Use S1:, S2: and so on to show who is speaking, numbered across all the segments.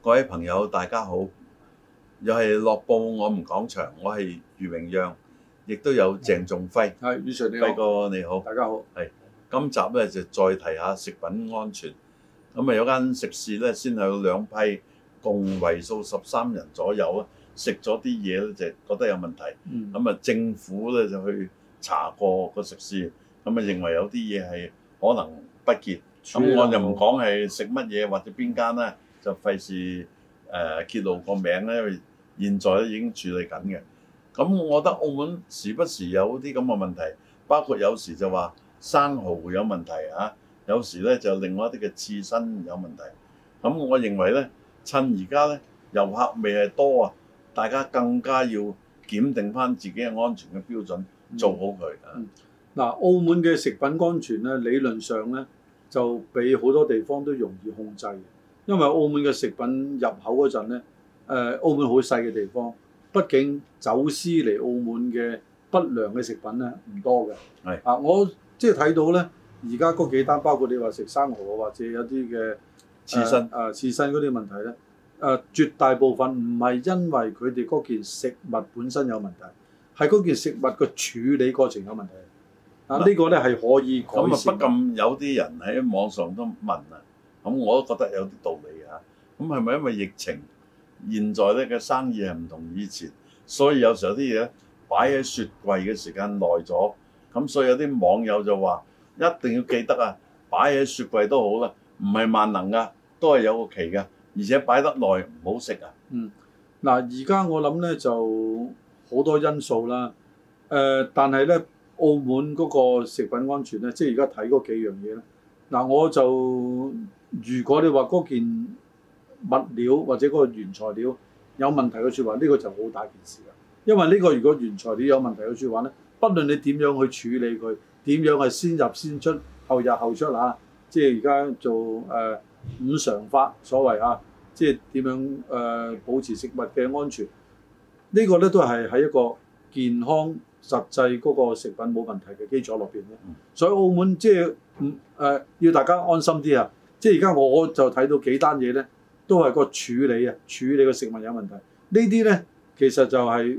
S1: 各位朋友，大家好！又係樂報我們講場，我係余榮陽，亦都有鄭仲輝。係余、哦、Sir 你好，輝哥你好，大家好。係今集呢，就再提下食品安全。咁啊有間食肆呢，先係有兩批共為數十三人左右啊，食咗啲嘢呢，就覺得有問題。咁啊、嗯、政府呢，就去查過個食肆。咁啊，認為有啲嘢係可能不潔咁，我就唔講係食乜嘢或者邊間啦，就費事誒揭露個名啦，因為現在咧已經處理緊嘅。咁我覺得澳門時不時有啲咁嘅問題，包括有時就話生蠔會有問題啊，有時咧就另外一啲嘅刺身有問題。咁我認為咧，趁而家咧遊客未係多啊，大家更加要檢定翻自己嘅安全嘅標準，做好佢啊。嗯嗯
S2: 嗱，澳門嘅食品安全咧，理論上咧就比好多地方都容易控制，因為澳門嘅食品入口嗰陣咧，誒澳門好細嘅地方，畢竟走私嚟澳門嘅不良嘅食品咧唔多嘅。係是啊，我即係睇到咧，而家嗰幾單，包括你話食生蠔或者有啲嘅刺身啊、刺身嗰啲問題咧，誒、啊、絕大部分唔係因為佢哋嗰件食物本身有問題，係嗰件食物嘅處理過程有問題。啊！呢個呢係可以講啊，不禁有啲人喺網上都問啊，
S1: 咁、嗯、我都覺得有啲道理啊。咁係咪因為疫情現在呢個生意係唔同以前，所以有時候啲嘢擺喺雪櫃嘅時間耐咗，咁所以有啲網友就話：一定要記得啊，擺喺雪櫃都好啦，唔
S2: 係萬能㗎，都係有個期㗎，而且擺得耐唔好食啊。嗯。嗱、啊，而家我諗呢就好多因素啦、呃。但係呢。澳門嗰個食品安全咧，即係而家睇嗰幾樣嘢咧。嗱，我就如果你話嗰件物料或者嗰個原材料有問題嘅説話，呢、呢個就好大件事啦。因為呢個如果原材料有問題嘅説話咧，不論你點樣去處理佢，點樣係先入先出、後入後出嚇、啊，即係而家做誒、呃、五常法所謂啊，即係點樣誒、呃、保持食物嘅安全？呢個、呢個咧都係喺一個健康。實際嗰個食品冇問題嘅基礎落邊咧，所以澳門即係唔誒要大家安心啲啊！即係而家我就睇到幾單嘢咧，都係個處理啊，處理個食物有問題。呢啲咧其實就係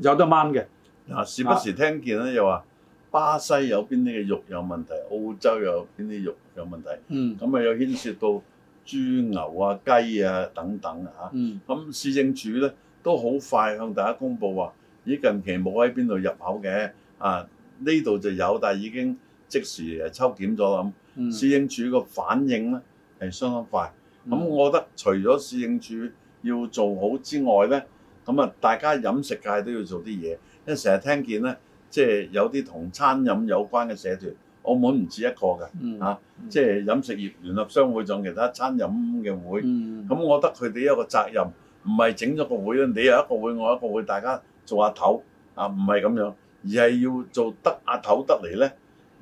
S2: 有得掹嘅。嗱，時不時聽見咧又話
S1: 巴西有邊啲嘅肉有問題，澳洲有邊啲肉有問題。嗯，咁啊有牽涉到豬牛啊、雞啊等等啊嚇、嗯、咁市政署咧都好快向大家公佈話。咦，近期冇喺邊度入口嘅啊？呢度就有，但係已經即時誒抽檢咗咁，嗯，市政處個反應咧係相當快。咁、嗯、我覺得除咗市政處要做好之外咧，咁啊大家飲食界都要做啲嘢，因為成日聽見咧，即、就、係、是、有啲同餐飲有關嘅社團，澳門唔止一個㗎嚇，即係、嗯嗯啊就是、飲食業聯合商會仲其他餐飲嘅會。咁、嗯、我覺得佢哋一個責任，唔係整咗個會咧，你有一個會，我一個會，一個一個會大家，做阿頭啊，唔係咁樣，而係要做得阿頭得嚟呢，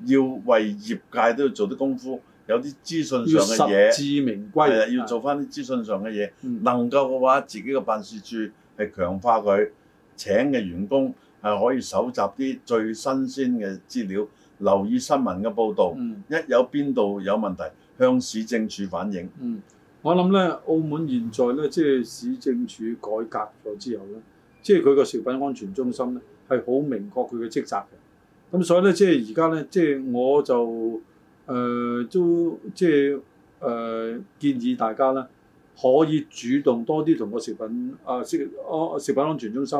S1: 要為業界都要做啲功夫，有啲資訊上嘅嘢，要實至名歸，係啊，要做翻啲資訊上嘅嘢，嗯、能夠嘅話，自己嘅辦事處係強化佢請嘅員工係可以搜集啲最新鮮嘅資料，留意新聞嘅報導，嗯、一有邊度有問題，向市
S2: 政處反映。嗯、我諗呢，澳門現在呢，即、就、係、是、市政處改革咗之後呢。即係佢個食品安全中心咧，係好明確佢嘅職責嘅。咁所以咧，即係而家咧，即係我就誒、呃、都即係誒、呃、建議大家咧，可以主動多啲同個食品啊食安、啊、食品安全中心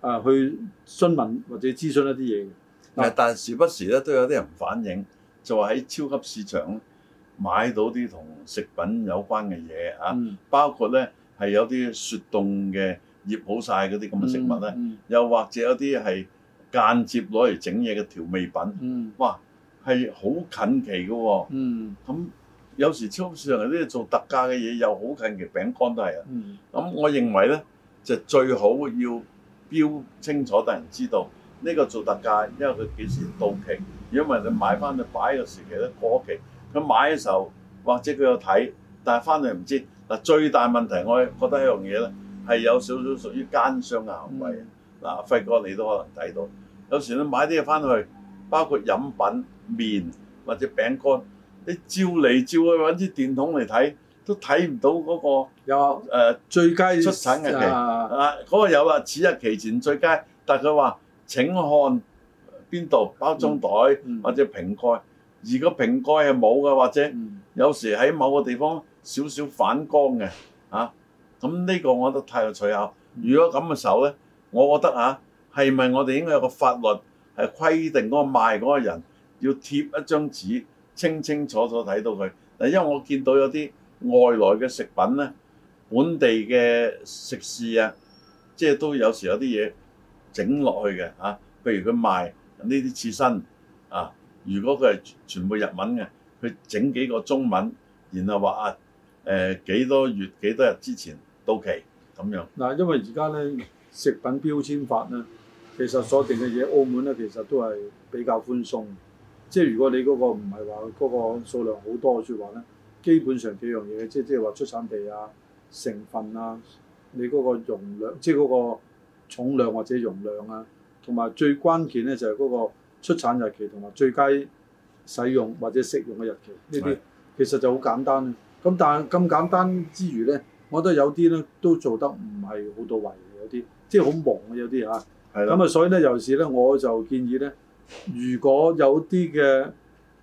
S2: 啊去詢問或者諮詢一啲嘢嘅。
S1: 但係，但時不時咧，都有啲人反映，就話喺超級市場買到啲同食品有關嘅嘢啊，嗯、包括咧係有啲雪凍嘅。醃好晒嗰啲咁嘅食物咧，嗯嗯、又或者有啲係間接攞嚟整嘢嘅調味品，嗯、哇係好近期嘅喎、哦。咁、嗯、有時超市入面啲做特價嘅嘢又好近期，餅乾都係啊。咁、嗯、我認為咧就最好要標清楚，等人知道呢、呢個做特價，因為佢幾時到期。因為你人買翻去擺嘅時期咧過期，佢買嘅時候或者佢有睇，但係翻嚟唔知嗱最大問題，我覺得一樣嘢咧。嗯係有少少屬於奸商嘅行為，嗱，輝哥你都可能睇到。有時你買啲嘢翻去，包括飲品、麵或者餅乾，你照嚟照去揾支電筒嚟睇，都睇唔到嗰個有誒最佳出產日期啊！嗰個有啦，此日期前最佳，但係佢話請看邊度包裝袋或者瓶蓋。如果瓶蓋係冇嘅，或者有時喺某個地方少少反光嘅啊。咁呢個我覺得太有取巧。如果咁嘅時候呢，我覺得啊，係咪我哋應該有個法律係規定嗰個賣嗰個人要貼一張紙，清清楚楚睇到佢。嗱，因為我見到有啲外來嘅食品呢，本地嘅食肆啊，即係都有時有啲嘢整落去嘅啊。譬如佢賣呢啲刺身啊，如果佢係全部日文嘅，佢整幾個中文，然後話啊誒幾多月幾多日之前。到期咁樣。嗱，因為而
S2: 家咧食品標籤法咧，其實所定嘅嘢，澳門咧其實都係比較寬鬆，即係如果你嗰個唔係話嗰個數量好多嘅説話咧，基本上幾樣嘢，即係即係話出產地啊、成分啊、你嗰個容量，即係嗰個重量或者容量啊，同埋最關鍵咧就係、是、嗰個出產日期同埋最佳使用或者食用嘅日期呢啲，的其實就好簡單嘅。咁但係咁簡單之餘咧。我覺得有啲咧都做得唔係好到位，有啲即係好忙啊，有啲嚇。係啦。咁啊，所以咧有時咧，我就建議咧，如果有啲嘅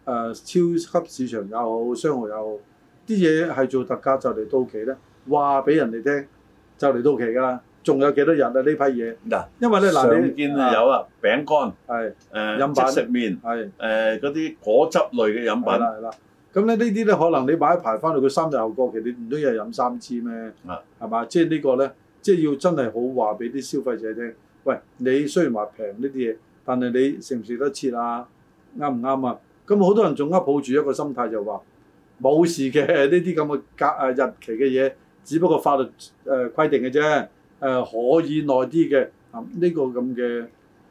S2: 誒超級市場又好，商號又好，啲嘢係做特價就嚟到期咧，話俾人哋聽就嚟到期㗎，仲有幾多日啊？呢批嘢嗱，因為咧嗱，你見啊有啊
S1: 餅乾係誒飲品、即食麵係誒嗰啲果汁類嘅飲品。係啦，係啦。
S2: 咁咧呢啲咧，可能你買一排翻嚟，佢三日後過期，你唔都又係飲三支咩？啊，係嘛？即係呢個咧，即係要真係好話俾啲消費者聽。喂，你雖然話平呢啲嘢，但係你食唔食得切啊？啱唔啱啊？咁、嗯、好多人仲呃抱住一個心態就話冇事嘅，呢啲咁嘅隔啊日期嘅嘢，只不過法律誒、呃、規定嘅啫，誒、呃、可以耐啲嘅啊呢個咁嘅。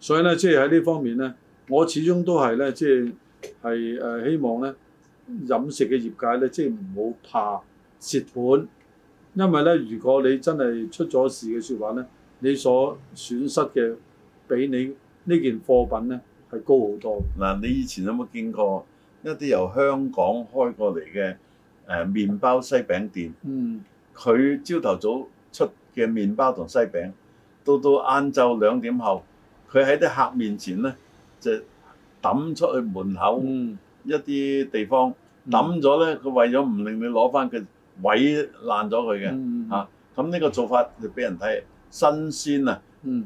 S2: 所以咧，即係喺呢方面咧，我始終都係咧，即係係誒希望咧，飲食嘅業界咧，即係唔好怕蝕本，因為咧，如果你真係出咗事嘅說話咧，你所損失嘅比你呢件貨品咧係高好多。嗱，
S1: 你以前有冇見過一啲由香港開過嚟嘅誒麵包西餅店？嗯，佢朝頭早出嘅麵包同西餅，到到晏晝兩點後。佢喺啲客面前咧，就抌出去門口、嗯、一啲地方，抌咗咧，佢為咗唔令你攞翻佢毀爛咗佢嘅嚇，咁呢、嗯啊、個做法就俾人睇新鮮啊！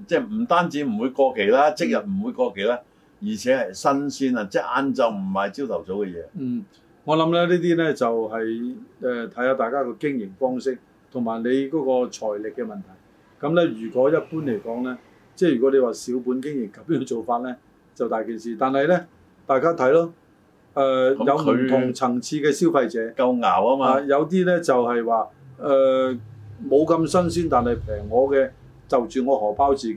S1: 即係唔單止唔會過期啦，即日唔會過期啦，而且係新鮮
S2: 啊！即晏晝唔係朝頭早嘅嘢。
S1: 嗯，
S2: 我諗咧，呢啲咧就係誒睇下大家個經營方式，同埋你嗰個財力嘅問題。咁咧，如果一般嚟講咧。嗯即係如果你話小本經營咁樣做法呢，就大件事。但係呢，大家睇咯，誒有唔同層次嘅消費者，夠熬啊嘛、呃！有啲呢就係話誒冇咁新鮮，但係平我嘅就住我荷包自己，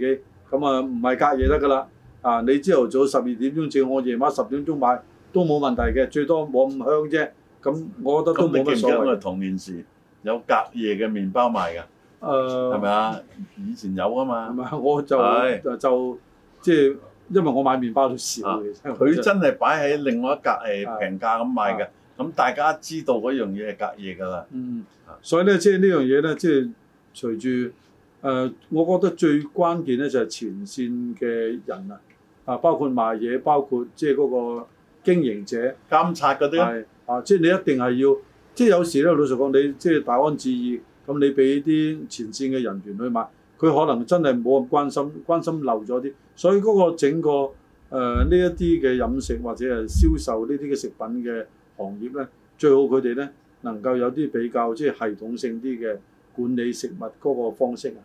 S2: 咁啊唔係隔夜得㗎啦。嗯、啊，你朝頭早十二點鐘整，我夜晚十點鐘買都冇問題嘅，最多冇咁香啫。咁我覺得都冇乜所謂。咁你同年事，有隔夜嘅
S1: 麵包賣㗎。嗯嗯嗯誒係咪啊？以前有啊嘛，係咪？我就是就即係，因為我買麵包都少嘅。佢、啊、真係的擺喺另外一格誒平價咁賣嘅，咁、啊、大家知道嗰樣嘢係隔夜㗎
S2: 啦。嗯，所以咧即係呢樣嘢咧，即、就、係、是就是、隨住誒、呃，我覺得最關鍵咧就係前線嘅人啊，啊包括賣嘢，包括即係嗰個經營者、監察嗰啲啊，即、就、係、是、你一定係要，即、就、係、是、有時咧老實講，你即係大安旨意。咁你俾啲前線嘅人員去買，佢可能真係冇咁關心，關心漏咗啲，所以嗰個整個誒呢一啲嘅飲食或者係銷售呢啲嘅食品嘅行業咧，最好佢哋咧能夠有啲比較即係系統性啲嘅管理食物嗰個方式啊。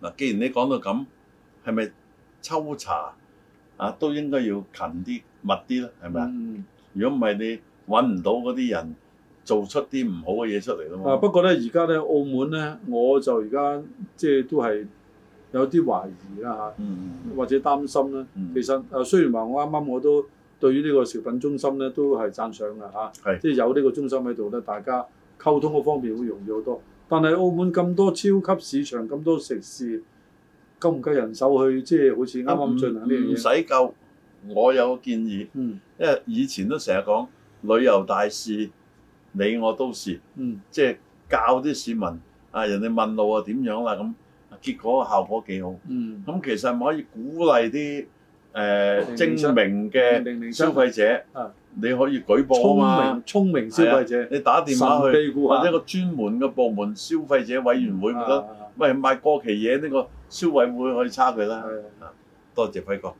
S1: 嗱，既然你講到咁，係咪抽查啊都應該要勤啲密啲咧？係咪啊？如
S2: 果
S1: 唔係你揾唔到嗰啲人。做出啲唔好嘅嘢出嚟啦啊，不
S2: 過咧，而家咧，澳門咧，我就而家即係都係有啲懷疑啦、啊、嚇，嗯嗯、或者擔心啦、啊。嗯、其實啊，雖然話我啱啱我都對於呢個食品中心咧都係讚賞㗎嚇、啊，是即係有呢個中心喺度咧，大家溝通嗰方面會容易好多。但係澳門咁多超級市場，咁多食肆，夠唔夠人手去即係好似啱啱進行呢樣嘢？唔使、嗯、夠，我有個建議，
S1: 因為以前都成日講旅遊大使、嗯。你我都是，即係教啲市民啊，人哋問路啊點樣啦咁，結果效果幾好。咁其實咪可以鼓勵啲誒精明嘅消費者，你可以舉報啊嘛，聰明消費者，你打電話去或者個專門嘅部門消費者委員會，咪得，咪賣過期嘢呢個消委會可以查佢啦。多謝輝哥。